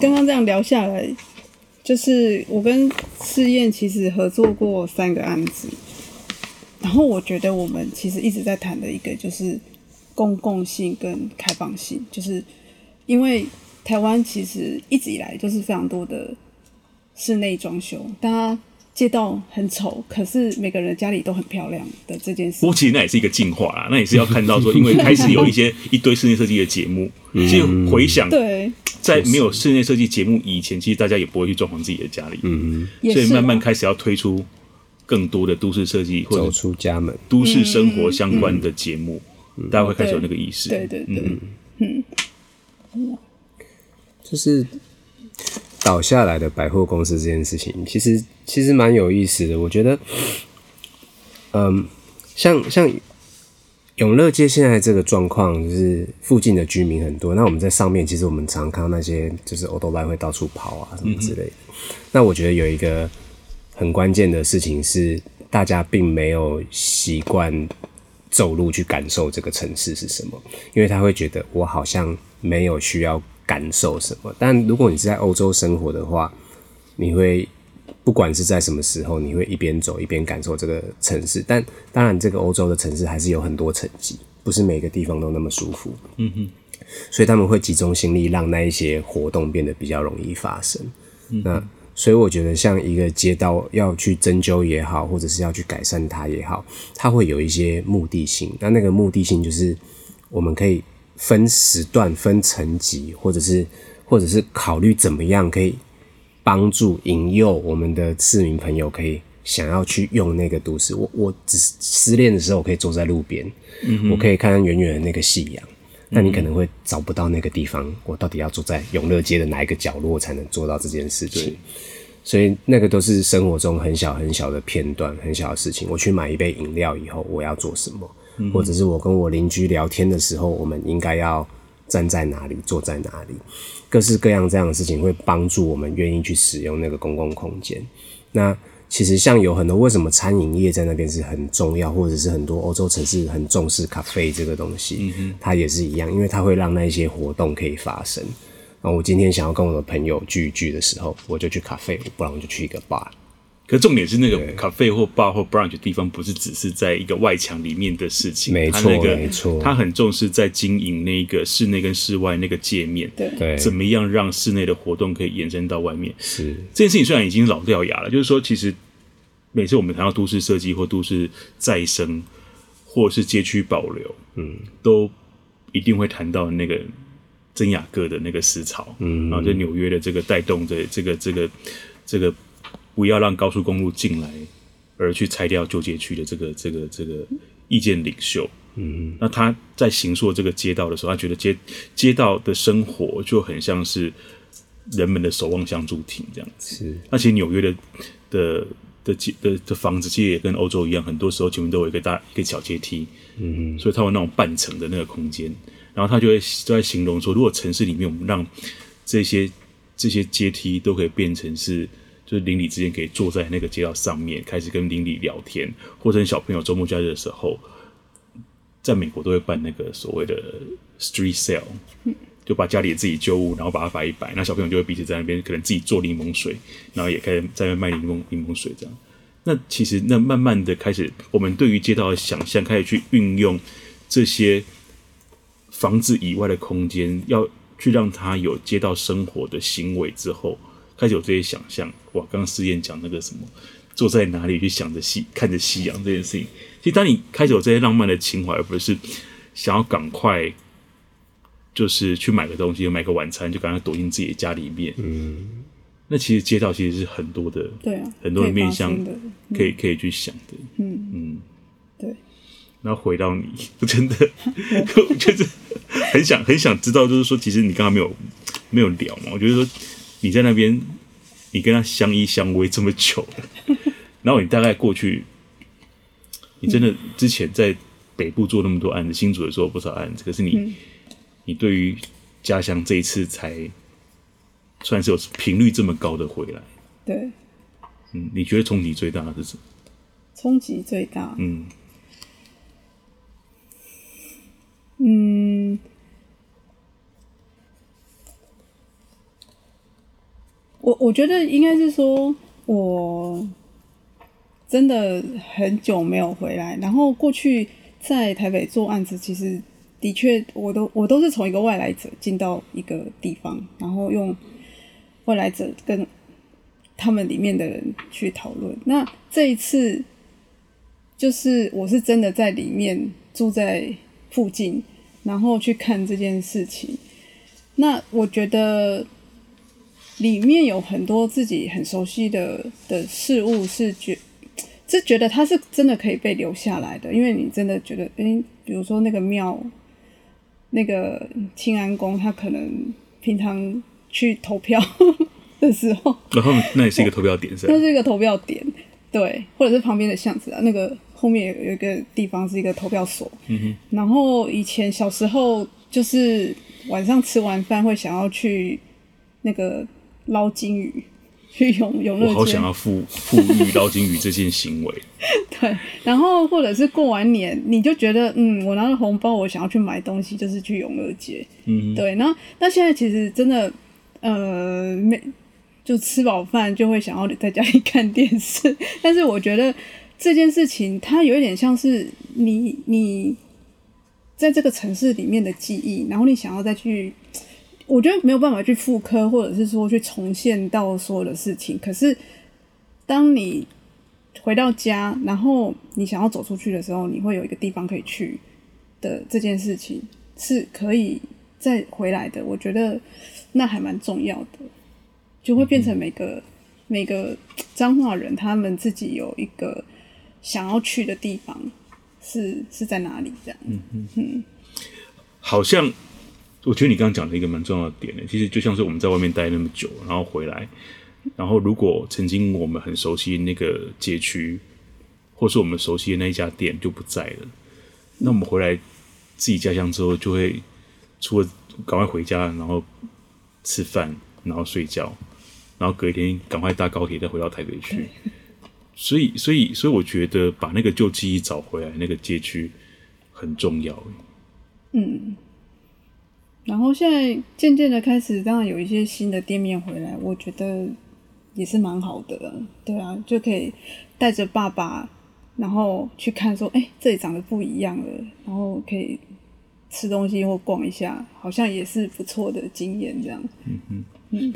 B: 剛剛這樣聊下來，就是我跟世燕其實合作過三個案子，然後我覺得我們其實一直在談的一個就是公共性跟開放性，就是因為。台灣其實一直以來就是非常多的室內裝修，大家街道很醜，可是每個人家裡都很漂亮的這件事。不
A: 過其實那也是一個進化啦，那也是要看到說，因為開始有一些 一堆室內設計的節目，其實、嗯、回想對，在沒有室內設計節目以前，其實大家也不會去裝潢自己的家裡。嗯，所以慢慢開始要推出更多的都市設計或者走出家門、都市生活相關的節目、嗯嗯，大家會開始有那個意識。對對對，嗯。嗯嗯
C: 就是倒下來的百貨公司這件事情，其實其實蠻有意思的。我覺得，嗯，像像永樂街現在這個狀況，就是附近的居民很多。那我們在上面，其實我們常看到那些就是歐兜拜會到處跑啊什麼之類的、嗯。那我覺得有一個很關鍵的事情是，大家並沒有習慣走路去感受這個城市是什麼，因為他會覺得我好像沒有需要。感受什麼？但如果你是在歐洲生活的話，你會不管是在什麼時候，你會一邊走一邊感受這個城市。但當然，這個歐洲的城市還是有很多層級，不是每個地方都那麼舒服。嗯哼，所以他們會集中心力，讓那一些活動變得比較容易發生。嗯、那所以我覺得，像一個街道要去針灸也好，或者是要去改善它也好，它會有一些目的性。那那個目的性就是我們可以，分時段、分層級，或者是或者是考慮怎麼樣可以幫助引誘我們的市民朋友，可以想要去用那個都市。我我只是失戀的時候，我可以坐在路邊、嗯，我可以看看遠遠的那個夕陽。那你可能會找不到那個地方。嗯、我到底要坐在永樂街的哪一個角落才能做到這件事情？對。所以那個都是生活中很小很小的片段、很小的事情。我去買一杯飲料以後，我要做什麼？或者是我跟我鄰居聊天的時候，我們應該要站在哪裡，坐在哪裡，各式各樣這樣的事情會幫助我們願意去使用那個公共空間。那其實像有很多為什麼餐飲業在那邊是很重要，或者是很多歐洲城市很重視 cafe 這個東西，嗯，它也是一樣，因為它會讓那些活動可以發生。那我今天想要跟我的
A: 朋友聚一聚的時候，我就去 cafe，不然我就去一個 bar。可是重點是那個咖啡或 bar 或 brunch 的地方，不是只是在一個外牆裡面的事情。沒錯、那個，沒錯，他很重視在經營那個室內跟室外那個界面。對對，怎麼樣讓室內的活動可以延伸到外面？是這件事情雖然已經老掉牙了，是就是說，其實每次我們談到都市設計或都市再生或是街區保留，嗯，都一定會談到那個珍雅各的那個思潮，嗯，然後在紐約的這個帶動的這個這個這個、這。個不要讓高速公路進來，而去拆掉舊街區的這個這個、這個、這個意見領袖。嗯，那他在行塑這個街道的時候，他覺得街街道的生活就很像是人們的守望相助亭這樣子。是，而且紐約的的的的的，的房子其實也跟歐洲一樣，很多時候前面都有一個大一個小階梯。嗯，所以他有那種半層的那個空間，然後他就會就在形容說，如果城市裡面我們讓這些這些階梯都可以變成是。就是鄰里之間可以坐在那個街道上面，開始跟鄰里聊天，或者小朋友周末假日的時候，在美國都會辦那個所謂的 street sale，就把家裡自己舊物，然後把它擺一擺，那小朋友就會彼此在那邊，可能自己做檸檬水，然後也開始在那賣檸檬檸檬水這樣。那其實那慢慢的開始，我們對於街道的想象開始去運用這些房子以外的空間，要去讓他有街道生活的行為之後。開始有這些想象哇！剛剛思燕講那個什麼，坐在哪裡去想着夕看着夕陽這件事情，其實當你開始有這些浪漫的情懷，而不是，是想要趕快，就是去買個東西，買個晚餐，就趕快躲進自己的家裡面。嗯，那其實街道其實是很多的，對啊，很多的面向可以，可以、嗯、可以可以去想的。嗯嗯，對。然後回到你，我真的， 對 我就是很想很想知道，就是說，其實你剛剛沒有沒有聊嘛？我覺得說。你在那邊，你跟他相依相偎這麼久 然後你大概過去，
B: 你真的
A: 之前在北部做那麼多案子，新竹也做了不少案子，可是你，嗯、你對於家鄉這一次才算是有頻率這麼高的回來。對。嗯，你覺得衝擊最大的是什麼？
B: 衝擊最大。嗯。嗯。我我覺得應該是說，我真的很久沒有回來。然後過去在台北做案子，其實的確我都我都是從一個外來者進到一個地方，然後用外來者跟他們裡面的人去討論。那這一次就是我是真的在裡面住在附近，然後去看這件事情。那我覺得。裡面有很多自己很熟悉的的事物，是覺，是覺得它是真的可以被留下來的，因為你真的覺得，哎、欸，比如說那個廟，那個清安宮，他可能平常去投票 的時候，
A: 然後那也是一個投票點是不是？那是一
B: 個投票點， 對，或者是旁邊的巷子啊，那個後面有有一個地方是一個投票所，嗯哼。然後以前小時候就是晚上吃完飯會想要去那個。撈金魚去永永樂街，我好想要復
A: 復育撈金魚這件行為。
B: 對，然後或者是過完年，你就覺得嗯，我拿了紅包，我想要去買東西，就是去永樂街。嗯，對。然後那現在其實真的，呃，沒就吃飽飯就會想要在家裡看電視。但是我覺得這件事情，它有一點像是你你在這個城市裡面的記憶，然後你想要再去。我覺得沒有辦法去複刻，或者是說去重現到所有的事情。可是，當你回到家，然後你想要走出去的時候，你會有一個地方可以去的。這件事情是可以再回來的。我覺得那還蠻重要的，就會變成每個、嗯、每個彰化人他們自己有一個想要去的地方，是是在哪裡這樣？嗯
A: 嗯嗯，好像。我覺得你剛剛講了一個蠻重要的點呢，其實就像是我們在外面待那麼久，然後回來，然後如果曾經我們很熟悉那個街區，或是我們熟悉的那一家店就不在了，那我們回來自己家鄉之後，就會除了趕快回家，然後吃飯，然後睡覺，然後隔一天趕快搭高鐵再回到台北去。所以，所以，所以我覺得把那個舊記憶找回來，那個街區很重要。嗯。
B: 然後現在漸漸的開始，當然有一些新的店面回來，我覺得也是蠻好的了，對啊，就可以帶着爸爸，然後去看說，哎，這裡長得不一樣了，然後可以吃東西或逛一下，好像也是不錯的經驗這樣。
A: 嗯嗯。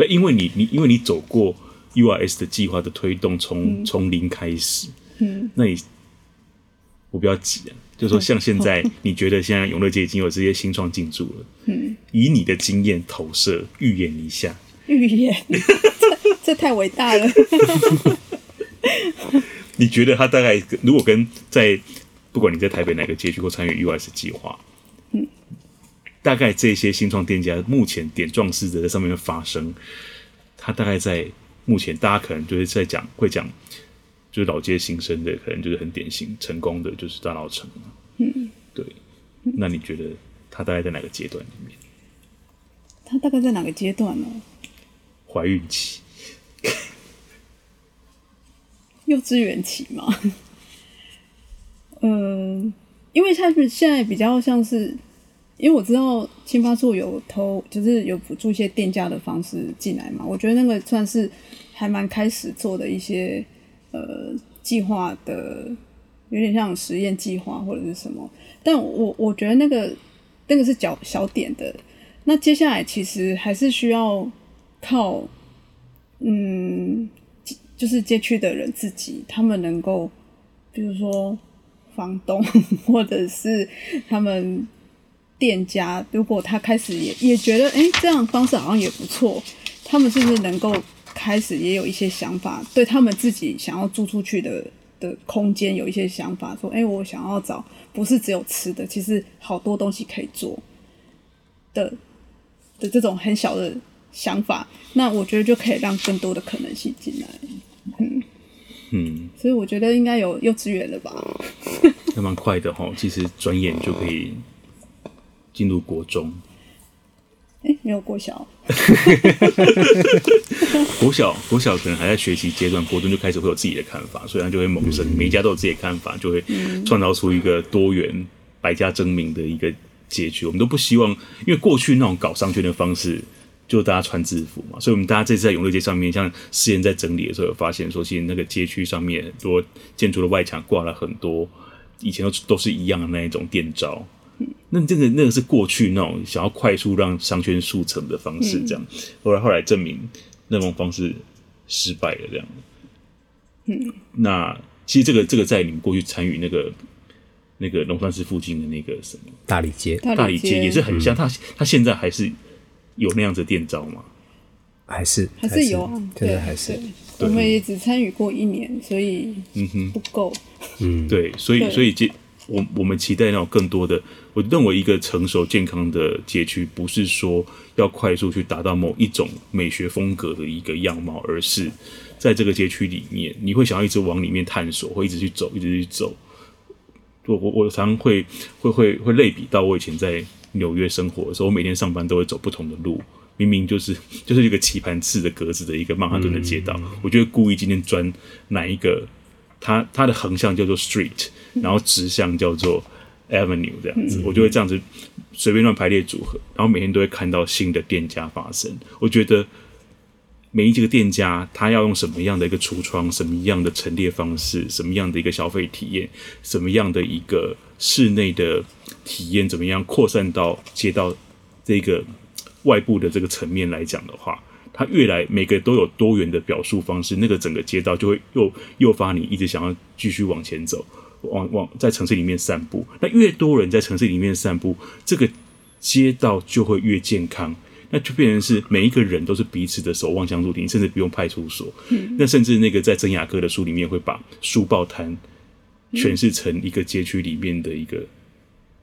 A: 因為你你因為你走過 URS 的計劃的推動從，從、嗯、從零開始，嗯，那你我比較急啊。就是說像現在，嗯嗯、你覺得現在永樂街已經有這些新創進駐了？嗯，以你的經驗投射預言一下，
B: 預言，這，這太偉大了。
A: 你覺得他大概如果跟在不管你在台北哪個街區或參與 U.S. 計劃，嗯，大概這些新創店家目前點狀式地在上面發生，他大概在目前大家可能就是在講會講。就是老街新生的，可能就是很典型成功的，就是大稻埕嘛。嗯，對。
B: 嗯、
A: 那你覺得他大概在哪個階段裡面？
B: 他大概在哪個階段呢？
A: 懷孕期、
B: 幼稚園期嘛？嗯、 呃，因為他是現在比較像是，因為我知道青發處有投，就是有補助一些店家的方式進來嘛。我覺得那個算是還蠻開始做的一些。呃，計劃的有點像實驗計劃或者是什麼，但我我覺得那個那個是角小，小點的。那接下來其實還是需要靠，嗯，就是街區的人自己，他們能夠，比如說房東或者是他們店家，如果他開始也也覺得，哎、欸，這樣方式好像也不錯，他們是不是能夠？開始也有一些想法，對他們自己想要租出去的的空間有一些想法，說：“哎、欸，我想要找不是只有吃的，其實好多東西可以做。”的的這種很小的想法，那我覺得就可以讓更多的可能性進來。嗯嗯，所以我覺得應該有幼稚園了吧？
A: 還蠻快的哈， 其實轉眼就可以進入國中。
B: 欸，沒有國小。
A: 國小國小可能還在學習階段，國中就開始會有自己的看法，所以他就會萌生，每家都有自己的看法，就會創造出一個多元百家爭鳴的一個街區。我們都不希望，因為過去那種搞商圈的方式，就大家穿制服嘛。所以，我們大家這次在永樂街上面，像之前在整理的時候，有發現說，現在那個街區上面很多建築的外牆掛了很多以前都都是一樣的那一種店招。那這個那個是過去那種想要快速讓商圈速成的方式，這樣後來、嗯、後來證明那種方式失敗了，這樣。嗯。那其實這個這個在你們過去參與那個那個龍山寺附近的那個什麼大理街，大理街也是很像。他、嗯、他現在還是有那樣子店招嗎？還是還是有、啊？對，還是
B: 對對。我們也只參與過一年，所以嗯哼不夠。
A: 嗯，對，所以所以接。我我們期待那種更多的，我認為一個成熟健康的街區，不是說要快速去達到某一種美學風格的一個樣貌，而是在這個街區裡面，你會想要一直往裡面探索，會一直去走，一直去走。我我我常常會會會會類比到我以前在紐約生活的時候，我每天上班都會走不同的路，明明就是就是一個棋盤式的格子的一個曼哈頓的街道，嗯、我就會故意今天鑽哪一個。它它的橫向叫做 street，然後直向叫做 avenue 這樣子，嗯，我就會這樣子隨便亂排列組合，然後每天都會看到新的店家發生。我覺得每一個店家，他要用什麼樣的一個櫥窗，什麼樣的陳列方式，什麼樣的一個消費體驗，什麼樣的一個室內的體驗，怎麼樣擴散到街道這個外部的這個層面來講的話。它越來每個都有多元的表述方式，那個整個街道就會又誘發你一直想要繼續往前走，往往在城市裡面散步。那越多人在城市裡面散步，這個街道就會越健康，那就變成是每一個人都是彼此的守望相助，你甚至不用派出所、嗯。那甚至那個在珍雅各的書裡面會把書報攤詮釋成一個街區裡面的一個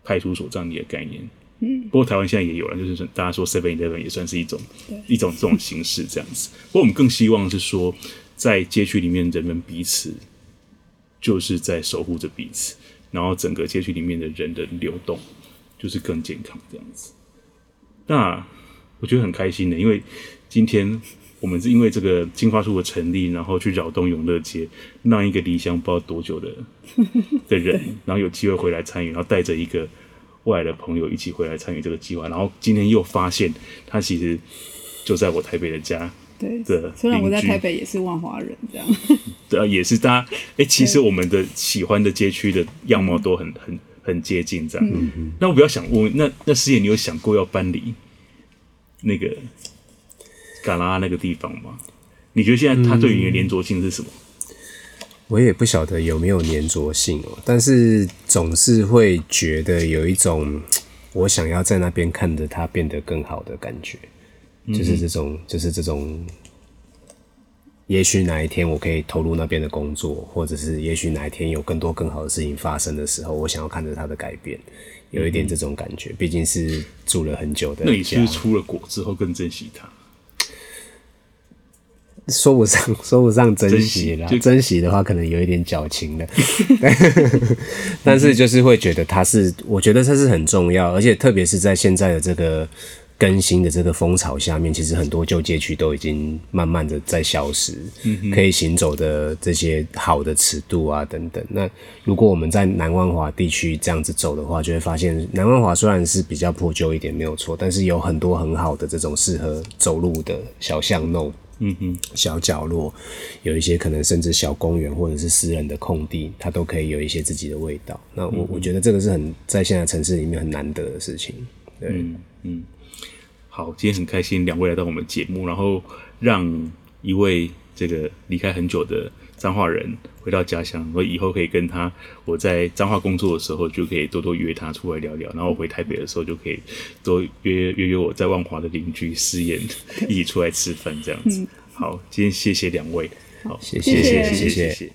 A: 派出所這樣的一個概念。嗯，不過台灣現在也有了，就是大家說 Seven Eleven 也算是一種一種這種形式這樣子。不過我們更希望是說，在街區裡面，人們彼此就是在守護着彼此，然後整個街區裡面的人的流動就是更健康這樣子。那我覺得很開心的、欸，因為今天我們是因為這個金花樹的成立，然後去擾動永樂街，讓一個離鄉不知道多久的的人，然後有機會回來參與，然後帶着一個。外的朋友一起回來參與這個計劃，然後今天又發現他其實就在我台北的家的。對，雖然我在台北
B: 也是萬華人這
A: 樣。對啊、也是大家，哎、欸，其實我們的喜歡的街區的樣貌都很很很接近這樣、嗯。那我比較想問，那那師爺你有想過要搬離那個嘎拉那個地方嗎？你覺得現在他對於你的黏著性是什麼？嗯我也不曉得有沒
C: 有粘着性哦，但是總是會覺得有一種我想要在那邊看着它變得更好的感覺，
A: 就是這
C: 種，嗯就是、這種就是這種。也許哪一天我可以投入那邊的工作，或者是也許哪一天有更多更好的事情發生的時候，我想要看着它的改變，有一點這種感覺。畢竟是住了很久的，那其實出
A: 了國之後更珍惜它。
C: 說不上，說不上珍惜啦，珍惜，就珍惜的話，可能有一點矯情了。 對 但是就是會覺得它是，我覺得它是很重要。而且特別是在現在的這個更新的這個風潮下面，其實很多舊街區都已經慢慢的在消失。嗯，可以行走的這些好的尺度啊，等等。那如果我們在南灣華地區這樣子走的話，就會發現南灣華雖然是比較破舊一點，沒有錯，但是有很多很好的這種適合走路的小巷弄。嗯哼，小角落有一些可能，甚至小公園或者是私人的空地，它都可以有一些自己的味道。那我我覺得這個是很在現在城市裡面很難得的事情。
A: 對，嗯，嗯。好，今天很開心兩位來到我們節目，然後讓一位這個離開很久的彰化人，回到家鄉，我以後可以跟他，我在彰化工作的時候就可以多多約他出來聊聊，然後我回台北的時候就可以多約約約我在萬華的鄰居師爺一起出來吃飯這樣子。好，今天謝謝兩位，好，謝謝謝謝謝謝謝謝。